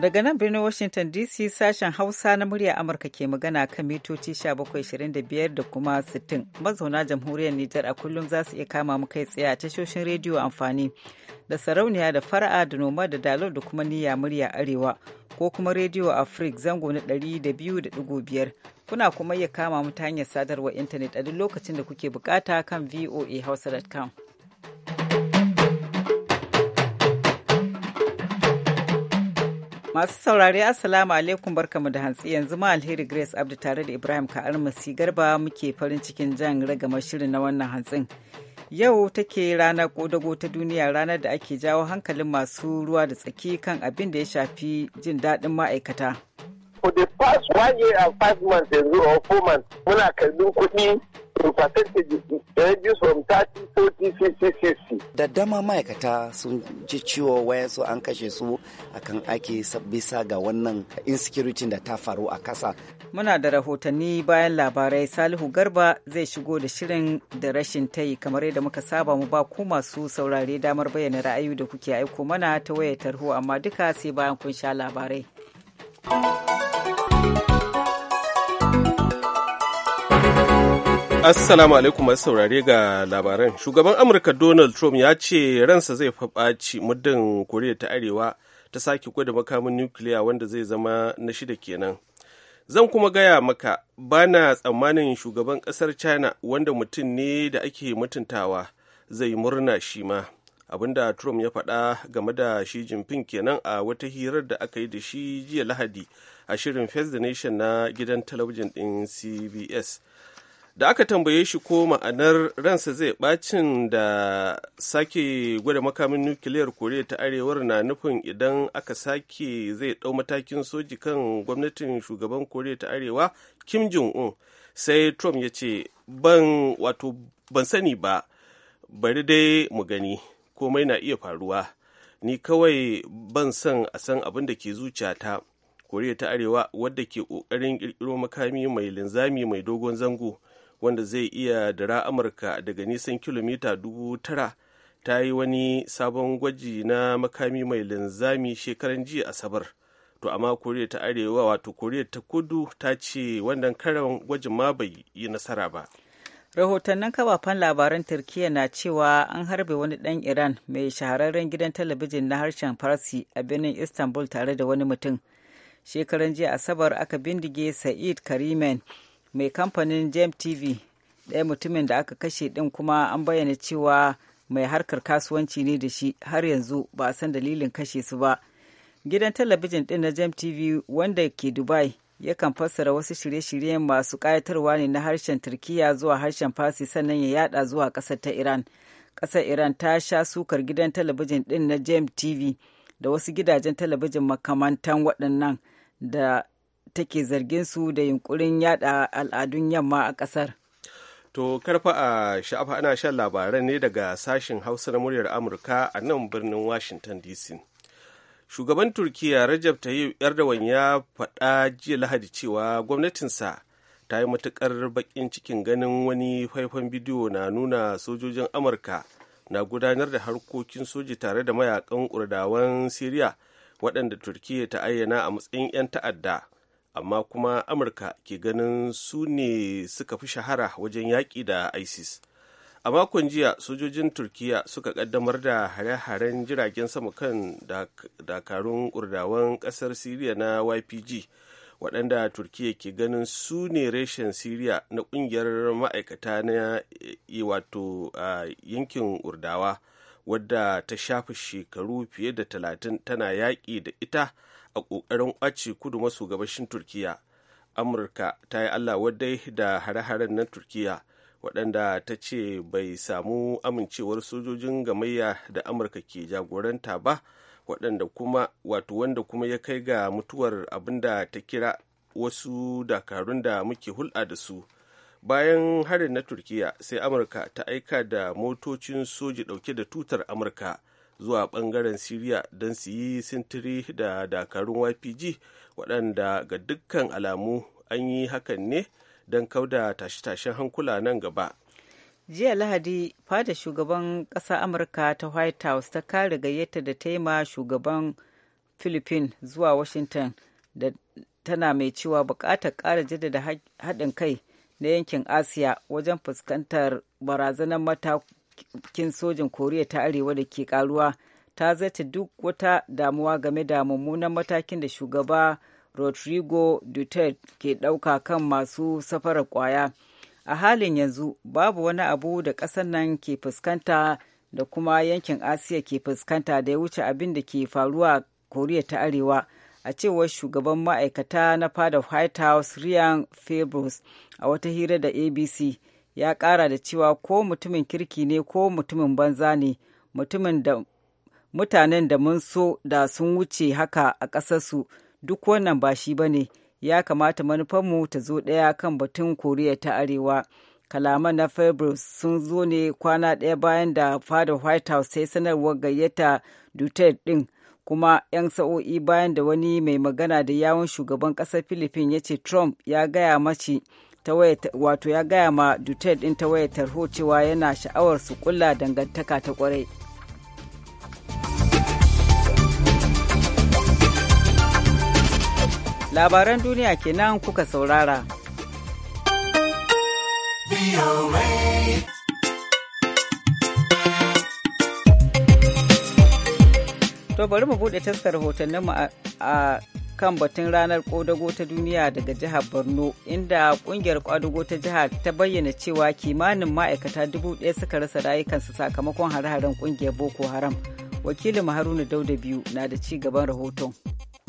Daga nan birnin Washington DC sashen Hausa na murya Amurka ke magana kan mitoci 1725 da kuma 60. Mazauna jamhuriyar Nijar a kullum za su iya kama mu kai tsaye a tashoshin rediyo amfani da sarauniya da fara'a da noma da dalar da kuma niyya murya arewa ko kuma rediyo Afrik zango na 200.5. Kuna kuma iya kama mu ta hanyar sadarwar intanet a duk lokacin da kuke bukata kan voahausa.com. Masu saurari Assalamu alaikum barkamu da hantsi yanzu ma alheri Grace Abdu tare da Ibrahim Ka'ar, Masi Garba muke farin cikin jan ragamar shirin na wannan hantsin. Yau take rana kodago ta duniya ranar da ake jawo hankalin masu ruwa da tsaki kan abin da ya shafi jin daɗin ma'aikata. For the past one year and five months or four months muna kallon kuɗi to from 30 40 50 60 da dama ma'aikata sun ji ciwo wayansu an kashe su akan ake bisa ga wannan insecurity da ta faru a kasa muna da rahotanni bayan labarai salihu garba zai shigo da shirin da rashin tayi kamar yadda muka saba mu ba ku masu saurare damar bayyana ra'ayi da kuke aiko mana ta wayar tarho amma duka sai bayan kun sha labarai Assalamu alaikum masu saurare ga labaran. Shugaban Amurka Donald Trump ya ce ransa zai faɓaci muddin Koriya ta Arewa ta sake gwada makamin nukiliya wanda zai zama na shida kenan. Zan kuma gaya maka bana tsammanin shugaban ƙasar China wanda mutum ne da ake mutuntawa zai murna shi ma. abinda Trump ya faɗa game da Xi Jinping kenan a wata hirar da aka yi da shi jiya Lahadi a shirin First Nation na gidan talabijin ɗin CBS. da aka tambaye shi ko ma'anar ransa zai bacin da sake gwada makamin nukiliyar koriya ta arewar na nufin idan aka sake zai ɗau matakin soji kan gwamnatin shugaban koriya ta arewa kim jong-un sai trump ya ce ban wato ban sani ba bari dai mu gani komai na iya faruwa ni kawai ban san a san abin da ke ta koriya ta arewa wadda ke ƙoƙarin ƙirƙiro makami mai linzami mai dogon zango wanda zai iya dara amurka daga nisan kilomita dubu tara ta yi wani sabon gwaji na makami mai linzami shekaran jiya asabar to amma koriya ta arewa wato koriya ta kudu ta ce wannan karan gwajin ma bai yi nasara ba rahotannin kafafen labaran turkiya na cewa an harbe wani dan iran mai shahararren gidan talabijin na harshen farsi a birnin istanbul tare da wani mutum shekaran jiya asabar aka bindige sa'id karimen mai kamfanin gem tv ɗaya mutumin da aka kashe ɗin kuma an bayyana cewa mai harkar kasuwanci ne da shi har yanzu ba a san dalilin kashe su ba gidan talabijin ɗin na gem tv wanda ke dubai yakan fassara wasu shirye-shiryen masu ƙayatarwa ne na harshen turkiya zuwa harshen fasi sannan ya yada zuwa ƙasar ta iran ƙasar iran ta sha sukar gidan talabijin ɗin na gem tv da wasu gidajen talabijin makamantan waɗannan da take zargin su da yunkurin yada al'adun yamma a kasar. To karfa a sha'afa ana shan labaran ne daga sashen Hausa na muryar Amurka a nan birnin Washington DC. Shugaban turkiya Rajab Tayyip Erdogan ya faɗa jiya Lahadi cewa gwamnatinsa ta yi matuƙar baƙin cikin ganin wani faifan bidiyo na nuna sojojin Amurka na gudanar da harkokin soji tare da mayakan kurdawan Siriya waɗanda turkiya ta ayyana a matsayin 'yan ta'adda. amma kuma amurka ke ganin su ne suka fi shahara wajen yaƙi da isis a makon jiya sojojin turkiya suka kaddamar da hare-haren jiragen sama kan dakarun kurdawan ƙasar siriya na ypg waɗanda turkiya ke ganin su ne reshen siriya na ƙungiyar ma'aikata na eh, wato yankin kurdawa wadda ta shafi shekaru fiye da talatin tana yaƙi da ita a ƙoƙarin ƙwace kudu maso gabashin turkiya amurka ta yi allah wadai da hare-haren na turkiya waɗanda ta ce bai samu amincewar sojojin gamayya da amurka ke jagoranta ba waɗanda kuma wato wanda kuma ya kai ga mutuwar abinda ta kira wasu dakarun da muke hulɗa da su bayan harin na turkiya sai amurka ta aika da motocin soji ɗauke da tutar amurka zuwa bangaren Siriya don su yi sintiri da dakarun YPG waɗanda ga dukkan alamu an yi hakan ne don kauda tashe-tashen hankula nan gaba. jiya lahadi fada shugaban ƙasa amurka ta white house ta kare gayyata da ta yi ma shugaban philippines zuwa washington da tana mai cewa buƙatar ƙara jaddada haɗin kai na yankin asiya wajen fuskantar barazanar kin sojin koriya ta arewa da ke karuwa ta zata duk wata damuwa game da mummunan matakin da shugaba rodrigo duterte ke ɗauka kan masu safarar kwaya a halin yanzu babu wani abu da ƙasar nan ke fuskanta da kuma yankin asiya ke fuskanta da ya wuce abin da ke faruwa koriya ta arewa a cewar shugaban ma'aikata na fada white house ryan fabrus a wata hira da abc ya ƙara da cewa ko mutumin kirki ne ko mutumin banza ne mutumin da mutanen da mun so da sun wuce haka a ƙasarsu duk wannan ba shi ba ne ya kamata manufarmu ta zo ɗaya kan batun koriya ta arewa kalaman na fabrus sun zo ne kwana ɗaya bayan da fada white house sai sanarwar gayyata duterte ɗin kuma 'yan sa'o'i bayan da wani mai magana da yawon shugaban ƙasar philippines ya ce trump ya gaya mace ta wato ya gaya ma Duterte din ta wayar tarho cewa yana sha'awar su kulla dangantaka ta kwarai. Labaran duniya kenan kuka saurara. To bari mu buɗe taskar rahotanninmu a kan batun ranar kodago ta duniya daga jihar borno inda ƙungiyar ƙwadago ta jihar ta bayyana cewa kimanin ma'aikata dubu ɗaya suka rasa rayukansu sakamakon hare-haren ƙungiyar boko haram wakilin haruna dauda biyu na da ci gaban rahoton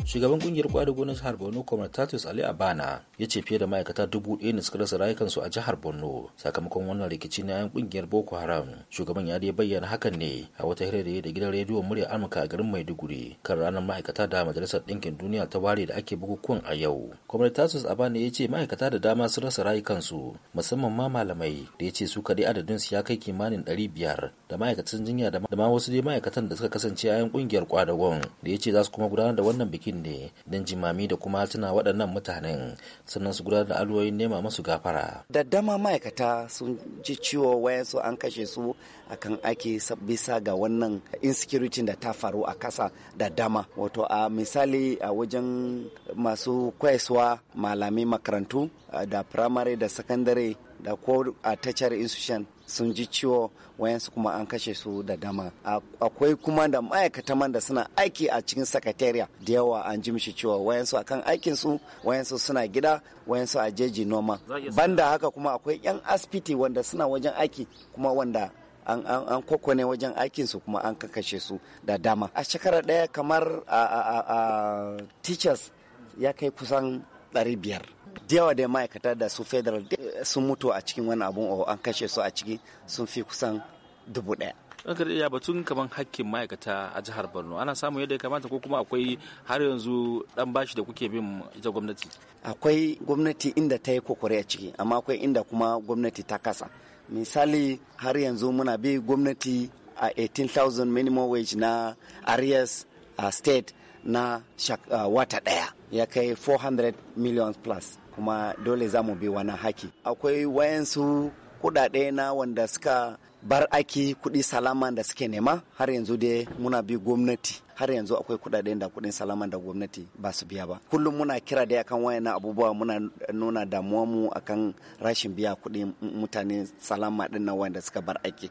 shugaban kungiyar kwada gonar jihar borno comrade tatus ali abana ya ce fiye da ma'aikata dubu ɗaya ne suka rasa rayukansu a jihar borno sakamakon wannan rikici na 'yan kungiyar boko haram shugaban ya dai bayyana hakan ne a wata hira da gidan rediyon murya amurka a garin maiduguri kan ranar ma'aikata da majalisar ɗinkin duniya ta ware da ake bukukuwan a yau comrade tatus abana ya ce ma'aikata da dama sun rasa rayukansu musamman ma malamai da ya ce su kaɗai adadin su ya kai kimanin ɗari biyar da ma'aikatan jinya da ma wasu dai ma'aikatan da suka kasance a 'yan kungiyar kwadagon da ya ce za su kuma gudanar da wannan biki aikin ne don jimami da kuma tuna waɗannan mutanen sannan su gudanar da alwoyin nema masu gafara. Da dama ma'aikata sun ji ciwo wayansu an kashe su akan ake bisa ga wannan insecurity da ta faru a kasa da dama. Wato a misali a wajen masu kwaiswa malami makarantu da primary da secondary da ko a tachar institution sun ji ciwo wayansu kuma an kashe su da dama akwai kuma da ma'aikata man da suna aiki a cikin sakatariya da yawa an ji mishi ciwo wayansu akan aikin su wayansu suna gida wayansu a jeji noma banda haka kuma akwai yan asibiti wanda suna wajen aiki kuma wanda an, an, an kokone wajen aikinsu kuma an kakashe su da dama a shekara ɗaya kamar a, a, a, a teachers ya kai kusan 500 da yawa da ma'aikata da su federal sun mutu a cikin wani abun oh, an kashe su a ciki sun fi kusan dubu daya an Kari ya batun kamar hakkin ma'aikata a jihar borno ana samun yadda ya kamata ko kuma akwai har yanzu dan bashi da kuke bin ita gwamnati akwai gwamnati inda ta yi kokore a ciki amma akwai inda kuma gwamnati ta kasa misali har yanzu muna bi gwamnati a 18,000 minimum wage na arias state na uh, wata daya ya kai 400 million plus kuma dole za mu bi wani haki akwai wayansu kuɗaɗe na wanda suka bar aki kuɗi salama da suke nema har yanzu dai muna bi gwamnati har yanzu akwai kuɗaɗen da kuɗin salama da gwamnati ba su biya ba kullum muna kira dai akan wayannan abubuwa muna nuna damuwa mu akan rashin biya kuɗi mutane salama ɗin nan da suka bar aiki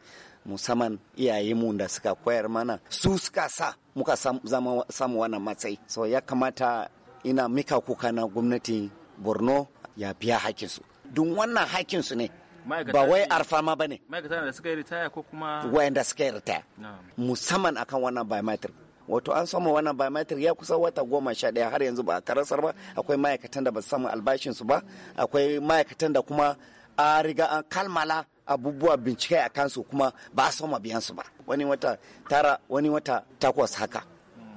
musamman iyayenmu da suka koyar mana su suka sa muka samu wannan matsayi so ya kamata ina mika kuka na gwamnati borno ya biya hakinsu dun wannan hakinsu ne ba wai arfama ba ne suka yi ritaya ko kuma wayanda suka yi ritaya musamman akan wannan biometric wato an samu wannan biometric ya kusa wata goma sha daya har yanzu ba a karasar ba akwai ma'aikatan da ba su samu albashinsu ba akwai ma'aikatan da kuma a riga an kalmala abubuwa bincike a kansu kuma ba a soma biyansu ba wani wata tara wani wata takwas haka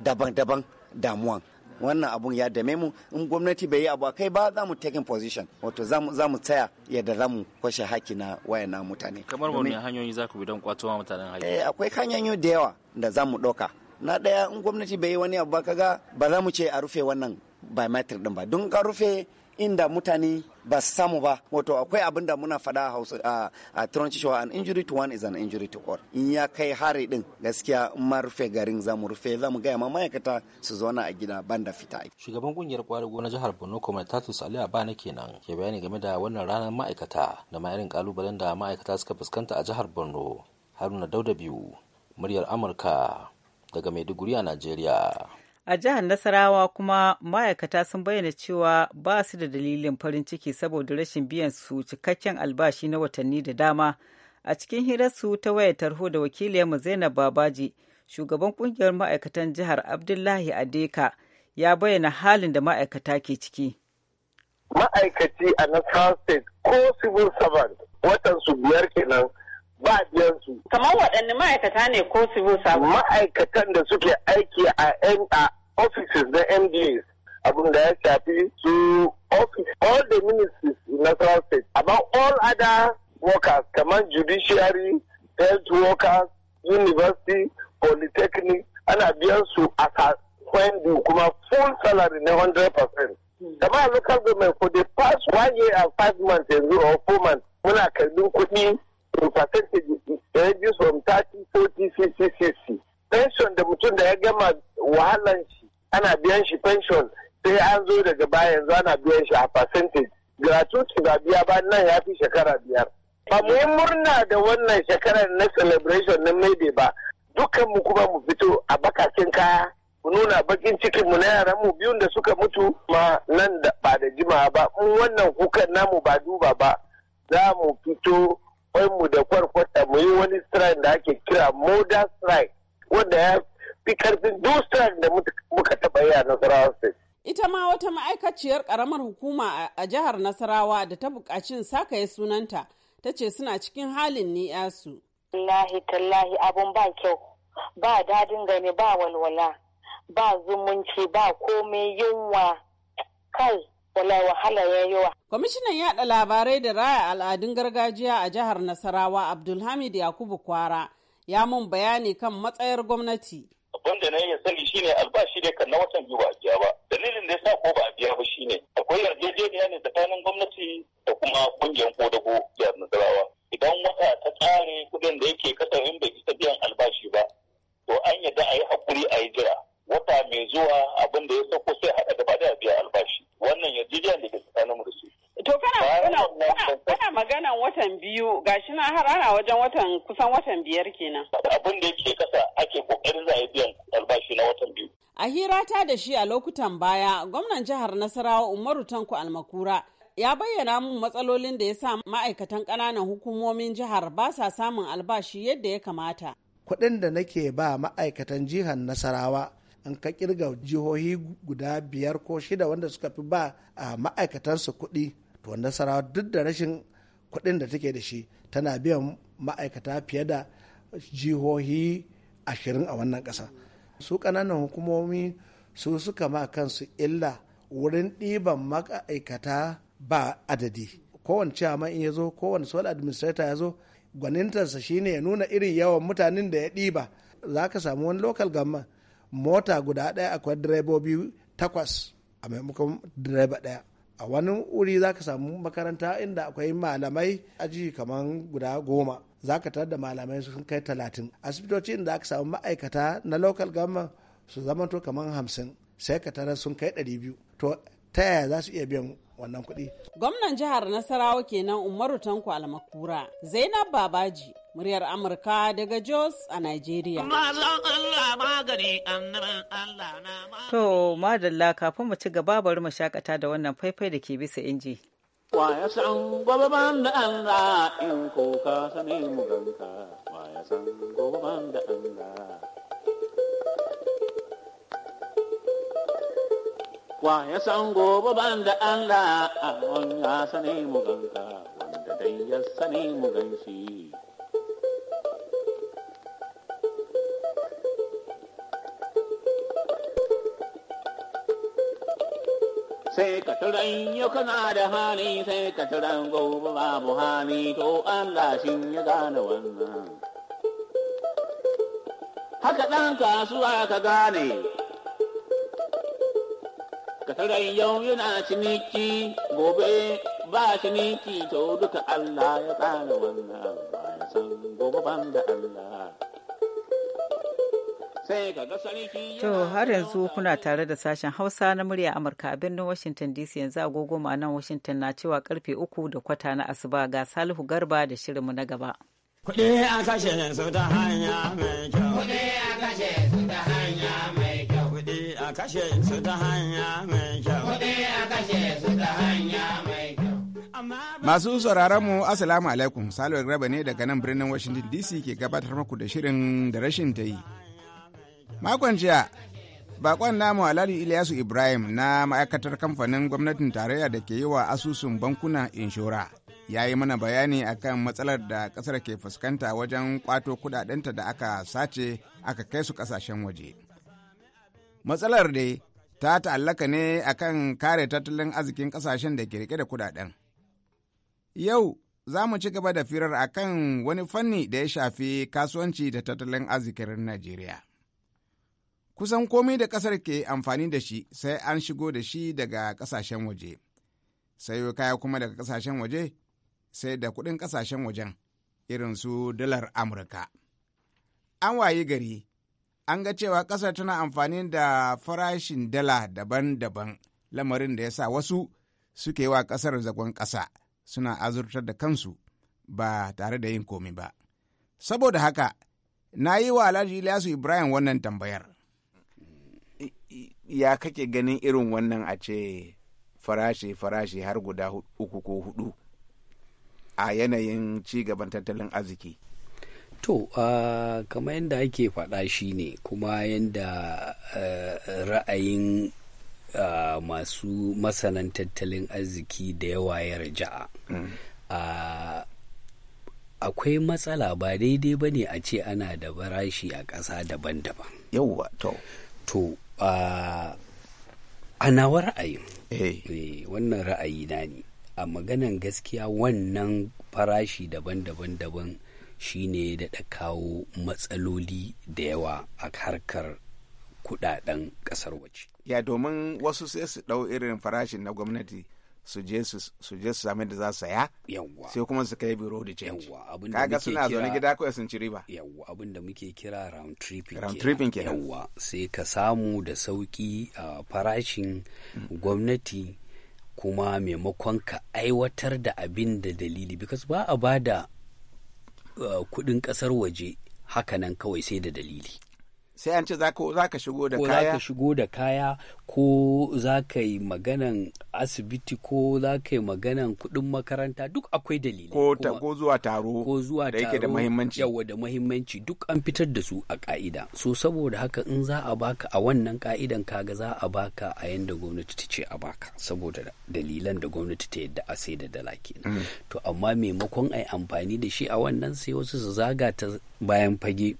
daban-daban damuwan wannan abun ya dame mu in gwamnati bai yi abu kai ba za mu taking position wato za mu tsaya yadda za mu kwashe haki na wayana mutane kamar wani hanyoyi za ku bi don kwato mutanen haki eh akwai hanyoyi da yawa da za mu ɗauka na ɗaya in gwamnati bai yi wani abu ba kaga ba za mu ce a rufe wannan biometric din ba don ka rufe inda mutane ba su samu ba wato akwai abin da muna faɗa a hausa a, a turanci cewa an injury to one is an injury to all in ya kai hari din gaskiya in ma rufe garin za mu rufe za mu gaya ma ma'aikata su zauna a gida banda fita shugaban kungiyar kwari na jihar borno kuma tatus ali abana kenan ke bayani game da wannan ranar ma'aikata da ma irin kalubalen da ma'aikata suka fuskanta a jihar borno haruna dauda biyu muryar amurka daga maiduguri a najeriya a jihar nasarawa kuma ma'aikata sun bayyana cewa ba su da dalilin farin ciki saboda rashin biyan su cikakken albashi na watanni da dama a cikin hirarsu ta wayar tarho da wakiliyarmu zainab babaji shugaban kungiyar ma'aikatan jihar abdullahi adeka ya bayyana halin da ma'aikata ke ciki ma'aikaci a Nasarawa state ko civil servant watan su biyar kenan ba biyan su. Kamar waɗanne ma'aikata ne ko civil servant? Ma'aikatan da suke aiki a offices na MDAs abin da ya shafi su office all the ministries in Nasarawa state about all other workers kamar judiciary, health workers, university, polytechnic ana biyan su a kwendi kuma full salary na 100%. Kama local government for the past one year and five months yanzu or four months muna karbin kuɗi in percentage ranges from 30, 40, 50, 60. Pension da mutum da ya ana biyan shi pension sai an zo daga baya yanzu ana biyan shi a percentage gratuity ba biya ba nan ya fi shekara biyar ba mu yi murna da wannan shekarar na celebration na maybe ba dukkan mu kuma mu fito a bakakin kaya mu nuna bakin cikin mu na yaran mu biyun da suka mutu ma nan da ba da jimawa ba mu wannan kukan namu ba duba ba za mu fito mu da kwarkwata mu yi wani strike da ake kira modern strike wanda ya fi karfin da muka taɓa yi a nasarawa state. Ita ma wata ma'aikaciyar ƙaramar hukuma a jihar Nasarawa da ta buƙaci sakaye sunanta ta ce suna cikin halin ni'yasu. Wallahi tallahi abun ba kyau, ba dadin gani ba walwala, ba zumunci ba komai yunwa kai wala wahala ya Kwamishinan yaɗa labarai da raya al'adun gargajiya a jihar Nasarawa Abdulhamid Yakubu Kwara ya mun bayani kan matsayar gwamnati. Abin da na yi sani shine albashi ne kan na watan biyu ba a biya ba dalilin da ya sa ko ba a biya ba shine akwai yarjejeniya ne tsakanin gwamnati da kuma kungiyar kodago jihar nazarawa. idan wata ta tsare kuɗin da yake kasarin bai isa biyan albashi ba to an yadda a yi hakuri a yi jira wata mai zuwa abin da ya sauko sai haɗa gaba da biya albashi wannan yarjejeniya da ke tsakanin mu da su To kana magana watan biyu gashi na har ana wajen watan kusan watan biyar kenan. Abin da yake kasa ake kokarin za a biyan albashi na watan biyu. A hira ta da shi a lokutan baya gwamnan jihar Nasarawa Umaru Tanko Almakura ya bayyana mun matsalolin da ya sa ma'aikatan ƙananan hukumomin jihar ba sa samun albashi yadda ya kamata. Kuɗin da nake ba ma'aikatan jihar Nasarawa an ka kirga jihohi guda biyar ko shida wanda suka fi ba a ma'aikatansu kuɗi to nasarawa duk da rashin kuɗin da take da shi tana biyan ma'aikata fiye da jihohi ashirin a wannan ƙasa su ƙananan hukumomi su suka ma kansu illa wurin ɗiban ma'aikata ba adadi kowane ciyaman in ya zo kowane sole administrator ya zo gwanintarsa shine ya nuna irin yawan mutanen da ya ɗiba za ka samu wani lokal gamma mota guda ɗaya akwai direbobi takwas a maimakon direba ɗaya a wani wuri za ka samu makaranta inda akwai malamai aji kamar guda goma za ka tar da malamai sun kai talatin asibitoci inda aka samu ma'aikata na local government su zamanto kamar hamsin sai ka tarar sun kai ɗari biyu to ta yaya za su iya biyan wannan kuɗi. Gwamnan jihar Nasarawa kenan Umaru Tanko Almakura, Zainab Babaji muryar Amurka daga Jos a nigeria To, madalla kafin mu ci gaba bari mu shakata da wannan faifai da ke bisa inji. Wa ya san gobe ban da Allah in ko ka sani mu wa ya san gobe ban da Allah. Wa ya a sani mu ganka, wanda dai ya sani mu shi. sai ka turan yau kana da hali sai ka turan gobe babu hali to Allah shi ya gane wannan. Haka ɗan kasuwa ka gane, ka turan yau yana ciniki gobe ba ciniki to duka Allah ya tsara wannan ba ya san gobe ban da Allah. To har yanzu kuna tare da sashen Hausa na murya Amurka a birnin Washington DC yanzu agogo nan Washington na cewa karfe uku da kwata na asuba ga Salihu Garba da shirinmu na gaba. Kuɗi a kashe su ta hanya mai kyau. Kuɗi a kashe su ta hanya mai kyau. Kuɗi a kashe su ta hanya mai kyau. Kuɗi a kashe su ta hanya mai kyau. Masu sauraron mu Assalamu alaikum. Salihu Garba ne daga nan birnin Washington DC ke gabatar muku da shirin da rashin ta yi. Makon jiya, bakon namu Alhaji Ilyasu Ibrahim na ma'aikatar kamfanin gwamnatin tarayya da ke yi wa asusun bankuna inshora. Ya yi mana bayani akan matsalar da kasar ke fuskanta wajen kwato kudadenta da aka sace aka kai su kasashen waje. Matsalar da ta ta'allaka ne akan kare tattalin arzikin kasashen da ke rike da kudaden. Yau za mu ci gaba da firar akan wani fanni da ya shafi kasuwanci da tattalin arzikin Najeriya. kusan komai da kasar ke amfani da shi sai an shigo da shi daga kasashen waje sayo kaya kuma daga kasashen waje sai da kudin kasashen wajen irin su dalar amurka an wayi gari an ga cewa ƙasar tana amfani da farashin dala daban-daban lamarin da ya sa wasu suke wa ƙasar zagon ƙasa suna azurtar da kansu ba tare da yin komi ba. Saboda haka, na yi wa Alhaji Ilyasu Ibrahim wannan tambayar. ya kake ganin irin wannan a ce farashi-farashi har guda uku ko hudu a yanayin cigaban tattalin arziki to uh, kamar yadda ake faɗa shi ne kuma yadda uh, ra'ayin uh, masu masanan tattalin arziki da yawa ya raja'a mm. uh, akwai matsala ba daidai ba ne a ce ana da barashi a ƙasa daban-daban yauwa to to a nawa ra'ayi eh. eh, wannan ra'ayi na ne a maganan gaskiya wannan farashi daban-daban daban shine da da kawo matsaloli da yawa a harkar kudaden kasar waje ya domin wasu sai su ɗau irin farashin na gwamnati su je su sami da za su saya sai kuma su kai biro da change kaga suna zaune gida ko sun ci riba yawwa abin da muke kira round tripping round tripping kenan yawwa sai ka samu da sauki a farashin gwamnati kuma maimakon ka aiwatar da abin da dalili because ba a bada kuɗin ƙasar waje hakanan kawai sai da dalili sai an ce za ka shigo da kaya ko za ka shigo da kaya ko za ka yi maganan asibiti ko za ka yi maganan kuɗin makaranta duk akwai dalilai ko, ta, ko zuwa taro ko zuwa da yake da muhimmanci yawa da muhimmanci duk an fitar da su a ka'ida so saboda haka in za a baka a wannan ka'idan kaga za a baka a yanda gwamnati ta ce a baka saboda dalilan da gwamnati ta yadda a sai da dala kenan mm. to amma maimakon ayi amfani da shi a wannan sai wasu su zaga ta bayan fage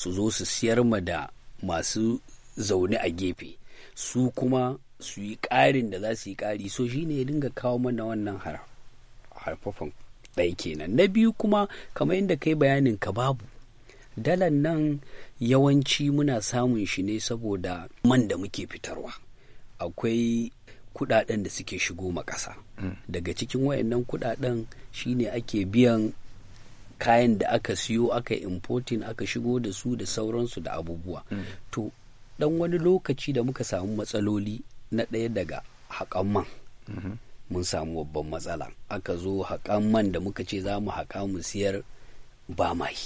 su zo su siyar ma da masu zaune a gefe su kuma su yi ƙarin da za su yi ƙari so ne ya dinga kawo mana wannan harfafan ɗaya kenan na biyu kuma kamar yadda kai bayanin ka babu dalan nan yawanci muna samun shi ne saboda man da muke fitarwa akwai kudaden da suke shigo ma ƙasa mm. daga cikin wayannan kudaden shine ake biyan kayan da aka siyo aka importing aka shigo da su da sauransu da abubuwa mm. to dan wani lokaci da muka samu matsaloli na ɗaya daga haƙan man mm-hmm. mun samu babban matsala aka zo haƙan man da muka ce za mu haƙa mu siyar ba mai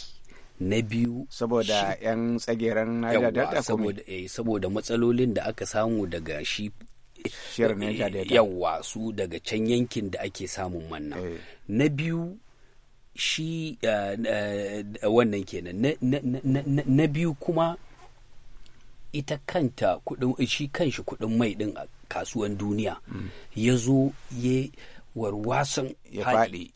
na biyu saboda yan tsageren da eh, saboda matsalolin da aka samu daga shi eh, yawa su daga can yankin da ake samun manna eh. na biyu shi eh, eh, wannan kenan na biyu kuma ita kanta shi kanshi kudin mai din a kasuwan duniya mm. ya zo ya warwasan faɗi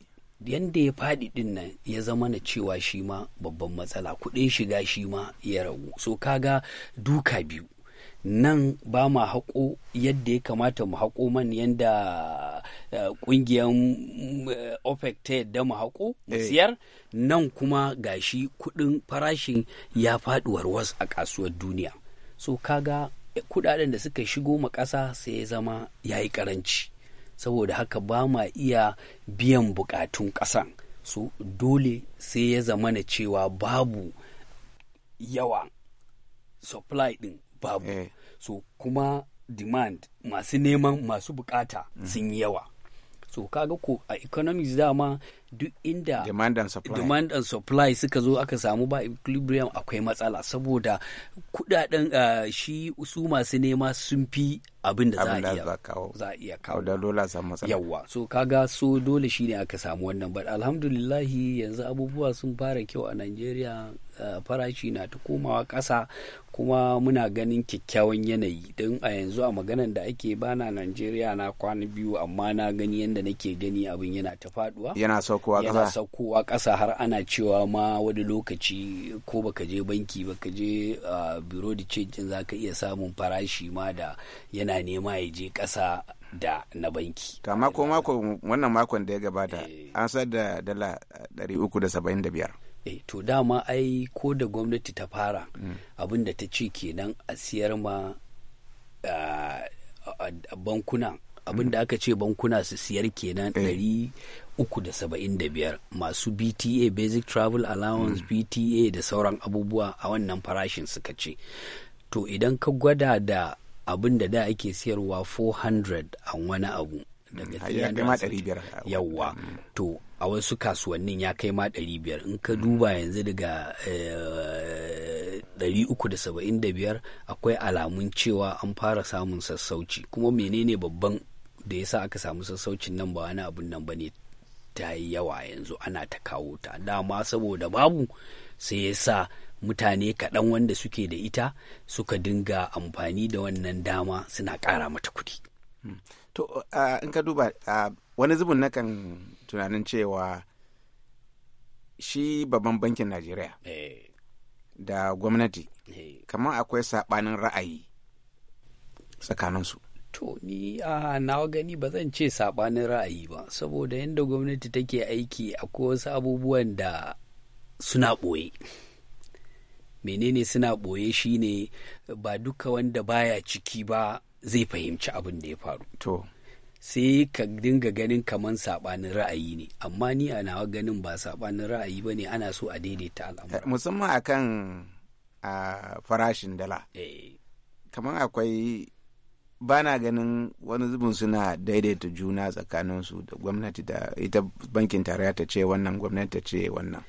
yadda ya faɗi din nan ya zama na cewa shi ma babban matsala kudin shiga shi ma ya ragu so kaga duka biyu nan ba ma haƙo yadda ya kamata mu haƙo man yadda eh, ƙungiyar eh, opec ta yadda mu haƙo mu eh. siyar nan kuma gashi kuɗin farashin ya faɗi warwas a kasuwar duniya so kaga kuɗaɗen da suka shigo ma ƙasa sai ya zama ya yi ƙaranci saboda haka ba ma iya biyan buƙatun ƙasan so dole sai ya zama na cewa babu yawa supply ɗin babu eh. so kuma demand masu neman masu bukata mm. sun yi yawa so kaga ko a economics dama duk inda demand and supply, suka zo aka samu ba equilibrium akwai matsala saboda kudaden uh, shi su masu nema sun fi abin da za a iya kawo da dole samu matsala yawa so kaga so dole shine aka samu wannan but alhamdulillahi yanzu abubuwa sun fara kyau a nigeria. Eh, farashi na ta komawa ƙasa kuma muna ganin kyakkyawan yanayi don a yanzu a maganan da ake bana Najeriya na kwana biyu amma na gani yadda nake gani abin yana ta faduwa yana saukowa ƙasa har ana cewa ma wani lokaci ko baka je banki baka je eh, biro da za ka iya samun farashi ma da yana nema ya je ƙasa da na banki. Ta mako mako wannan makon da ya gabata an sa da dala 375. Eh, eh to dama ai ko da gwamnati ta fara mm. abin da ta ce kenan a siyar ma bankuna abin mm. da aka ce bankuna su siyar kenan eh. ɗari uku da saba'in da biyar masu bta basic travel allowance mm. bta da sauran abubuwa a wannan farashin suka ce to idan ka gwada da abin da da ake siyarwa 400 a wani abu Mm. yawwa mm. to a wasu kasuwannin ya kai ma ɗari biyar in ka duba yanzu daga eh, ɗari uku da saba'in da biyar akwai alamun cewa an fara samun sassauci kuma menene babban da ya sa aka samu sassaucin nan ba wani abun nan ba ne ta yi yawa yanzu ana ta kawo ta dama saboda babu sai ya sa mutane kaɗan wanda suke da ita suka dinga amfani da wannan dama suna ƙara mata kuɗi. Hmm. To, in ka duba wani zubin nakan tunanin cewa shi babban bankin Najeriya eh. da gwamnati eh. kamar akwai saɓanin ra'ayi tsakaninsu. To, ni a nawa gani ba zan ce saɓanin ra'ayi ba, saboda yadda gwamnati take aiki akwai wasu abubuwan da suna ɓoye. menene suna ɓoye shine ba duka wanda baya ciki ba zai fahimci abin da ya faru to sai ka dinga ganin kaman saɓanin ra'ayi ne amma ni a nawa ganin ba saɓanin ra'ayi ba ne ana so a daidaita al'amura eh, musamman a kan farashin dala eh. kamar akwai ba na ganin wani zubin suna daidaita juna tsakaninsu da gwamnati da ita bankin tarayya ta ce wannan gwamnati ta ce wannan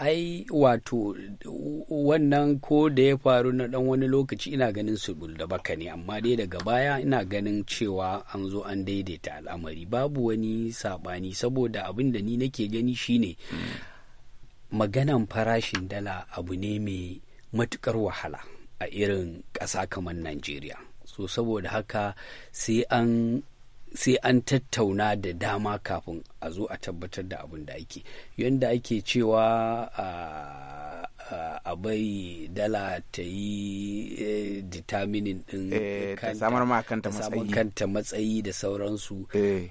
ai wato wannan ko da ya faru na dan wani lokaci ina ganin su da baka ne amma dai daga baya ina ganin cewa an zo an daidaita al'amari babu wani sabani saboda abin da ni nake gani shine maganan farashin dala abu ne mai matukar wahala a irin ƙasa kamar Najeriya so saboda haka sai an sai an tattauna da dama kafin a zo a tabbatar da abin da ake yadda ake cewa a bai dala ta yi eh, determining din eh, samar kanta matsayi kanta matsayi da sauransu eh.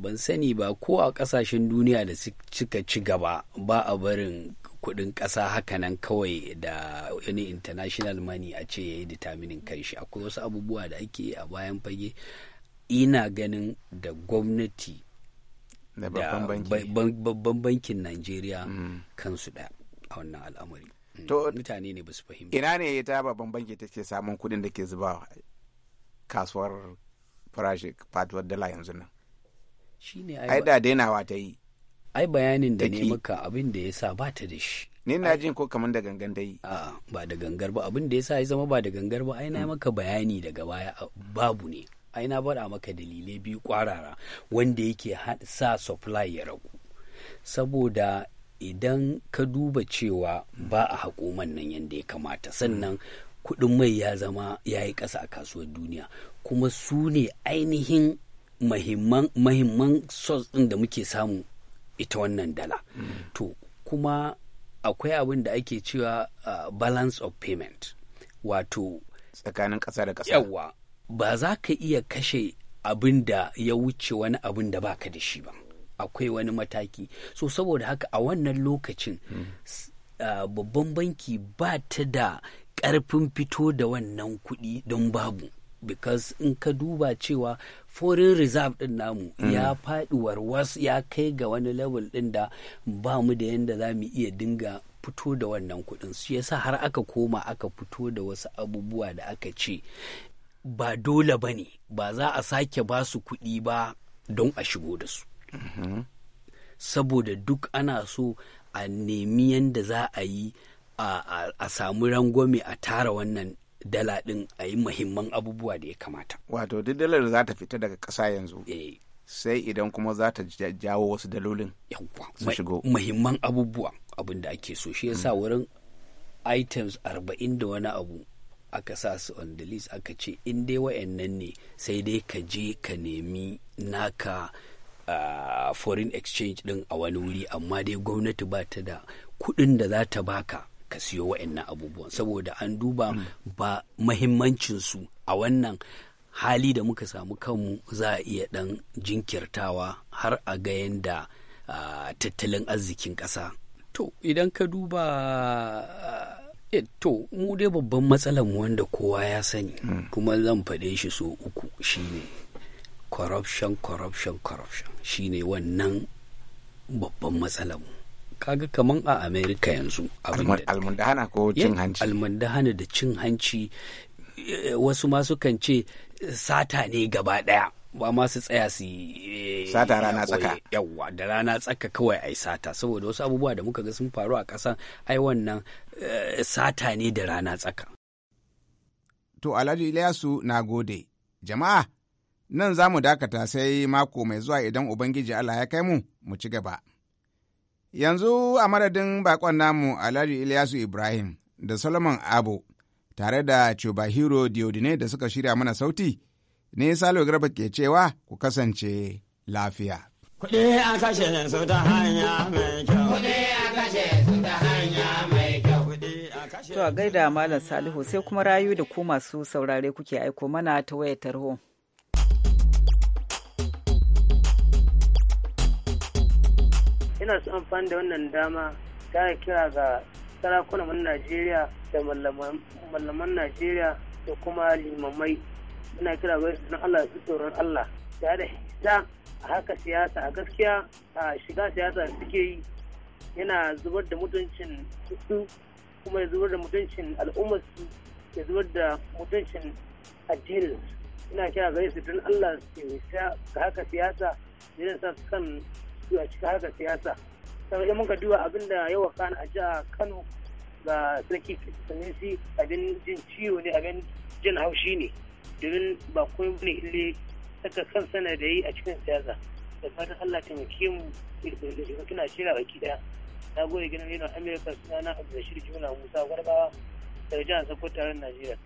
ban sani ba ko a kasashen duniya da suka ci gaba ba a barin kudin ƙasa hakanan kawai da wani international money a ce ya yi determining kanshi akwai wasu abubuwa da ake a bayan fage ina ganin da gwamnati da babban bankin Najeriya mm. kansu da a wannan al'amari. Mm. mutane ne ba su fahimta. Ina ne ya ita babban banki take samun kuɗin da ke zuba kasuwar farashi fatuwar dala yanzu nan. Shi ne ai da dainawa ta yi. Ai bayanin da ne maka abin da ya sa ba ta da shi. Ni na jin ko kamar da gangan dai. A ba da gangar ba abin da ya sa ya zama ba da gangar ba ai na mm. maka bayani daga baya babu ne. aina na bada maka dalilai biyu kwarara wanda yake sa supply ya ragu saboda idan ka duba cewa ba a haƙo man nan yadda ya kamata sannan kuɗin mai ya zama ya yi ƙasa a kasuwar duniya kuma su ne ainihin mahimman sos ɗin da muke samu ita wannan dala to kuma akwai abin da ake cewa ah, balance of payment wato tsakanin ƙasa da ƙasa yawa ba za ka iya kashe abin da ya wuce wani abin da baka da shi ba akwai wani mataki so saboda haka a wannan lokacin hmm. ah, babban banki ba ta da ƙarfin fito da wannan kuɗi don babu because in ka duba cewa foreign reserve din namu hmm. ya faɗi warwas ya kai ga wani level din da ba mu da yadda za mu iya dinga fito da wannan kuɗin su yasa har aka koma aka fito da wasu abubuwa da aka ce ba dole ba ne ba za a sake ba su kuɗi ba don a shigo da su saboda duk ana so a nemi yadda za a yi a samu rangwame a tara wannan dala ɗin a yi muhimman abubuwa da ya kamata wato duk dalar za ta fita daga ƙasa yanzu eh. sai idan kuma za ta jawo wasu dalolin su shigo muhimman abubuwa abin da ake so shi yasa mm. wurin items arba'in da wani abu aka sa su on the list aka ce in dai wa'annan ne sai dai ka je ka nemi naka uh, foreign exchange din a wani wuri amma dai gwamnati ba ta da kuɗin da za ta baka ka siyo wa'annan abubuwan saboda an duba mm. ba mahimmancinsu a wannan hali da muka samu kanmu za a iya ɗan jinkirtawa har a ga yadda uh, tattalin arzikin ƙasa to idan ka duba Eh, to mu dai babban mu wanda kowa ya sani hmm. kuma zan faɗe shi so uku shine corruption corruption corruption shine wannan babban matsalan kaga kaman a america yanzu eh, almundahana da cin hanci eh, wasu masu sukan ce sata ne gaba daya ba ma su tsaya su eh, sata rana tsaka yawa da rana tsaka kawai ai sata saboda wasu abubuwa da muka ga sun faru a ƙasa ai wannan eh, sata ne da rana tsaka to alhaji ilyasu na gode jama'a nan za mu dakata sai mako mai zuwa idan ubangiji allah ya kai mu mu ci gaba yanzu a madadin bakon namu alhaji ilyasu ibrahim da solomon abu tare da chubahiro diodine da suka shirya mana sauti ne Salo Garba ke cewa ku kasance lafiya. Kuɗi a kashe su ta hanya mai kyau. Kuɗi a kashe su ta hanya mai kyau. To a gaida Malam Salihu sai kuma rayu da ku masu saurare kuke aiko mana ta wayar tarho. Ina son amfani da wannan dama ta kira ga sarakunan Najeriya da mallaman Najeriya da kuma limamai ina kira ga na Allah su tsoron Allah da da hita a haka siyasa a gaskiya a shiga siyasa suke yi yana zubar da mutuncin su kuma ya zubar da mutuncin al'ummar su ya zubar da mutuncin addinin ina kira ga su don Allah su ga haka siyasa idan sa su kan su a cikin haka siyasa saboda muka duba abin da yawa kana a jiha Kano ga sarki sanisi abin jin ciwo ne abin jin haushi ne domin ba komai bane ile saka kan sana da yi a cikin siyasa da fatan Allah taimake mu da tuna shirya baki daya na gode gina yana Amerika suna na Abu Bashir Juna Musa Garbawa daga jihar Sokoto taron Najeriya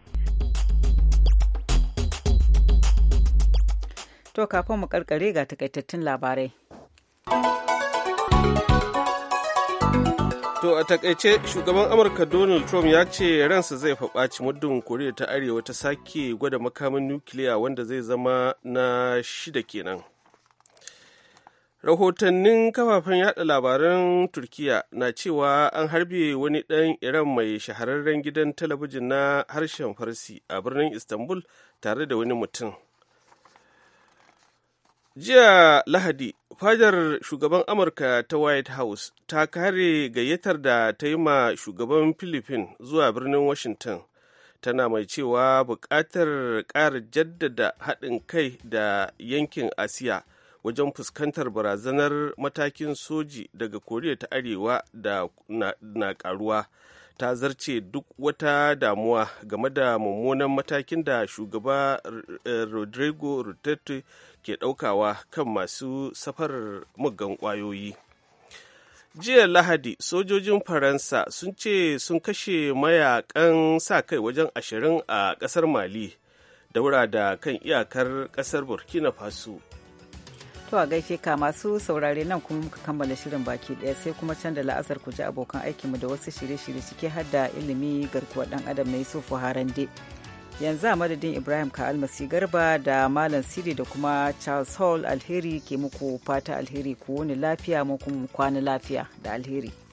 To kafin mu karkare ga takaitattun labarai. To a takaice shugaban Amurka Donald Trump ya ce ransa zai faɓaci muddin Koriya ta Arewa ta sake gwada makamin nukiliya wanda zai zama na shida kenan. Rahotannin kafafen yada labaran Turkiya na cewa an harbe wani ɗan Iran mai shahararren gidan talabijin na harshen Farsi a birnin Istanbul tare da wani mutum. jiya lahadi fadar shugaban amurka ta white house ta kare gayyatar da ta yi ma shugaban philippines zuwa birnin washington tana mai cewa buƙatar ƙara jaddada haɗin kai da yankin asiya wajen fuskantar barazanar matakin soji daga koriya ta arewa da na ƙaruwa ta zarce duk wata damuwa game da mummunan matakin da shugaba eh, rodrigo Rutete ke daukawa kan masu safarar muggan kwayoyi jiya lahadi sojojin faransa sun ce sun kashe mayakan sa kai wajen ashirin a kasar mali daura da kan iyakar kasar burkina faso To a gaishe ka masu saurare nan kuma muka kammala shirin baki daya sai kuma can da la'asar ku ji abokan mu da wasu shirye-shirye cike har da ilimi garkuwa dan adam na Yusufu Harande. Yanzu a madadin Ibrahim ka almasi garba da Malam Sidi da kuma Charles Hall alheri ke muku fata alheri ku wani lafiya mu kuma kwana lafiya da alheri.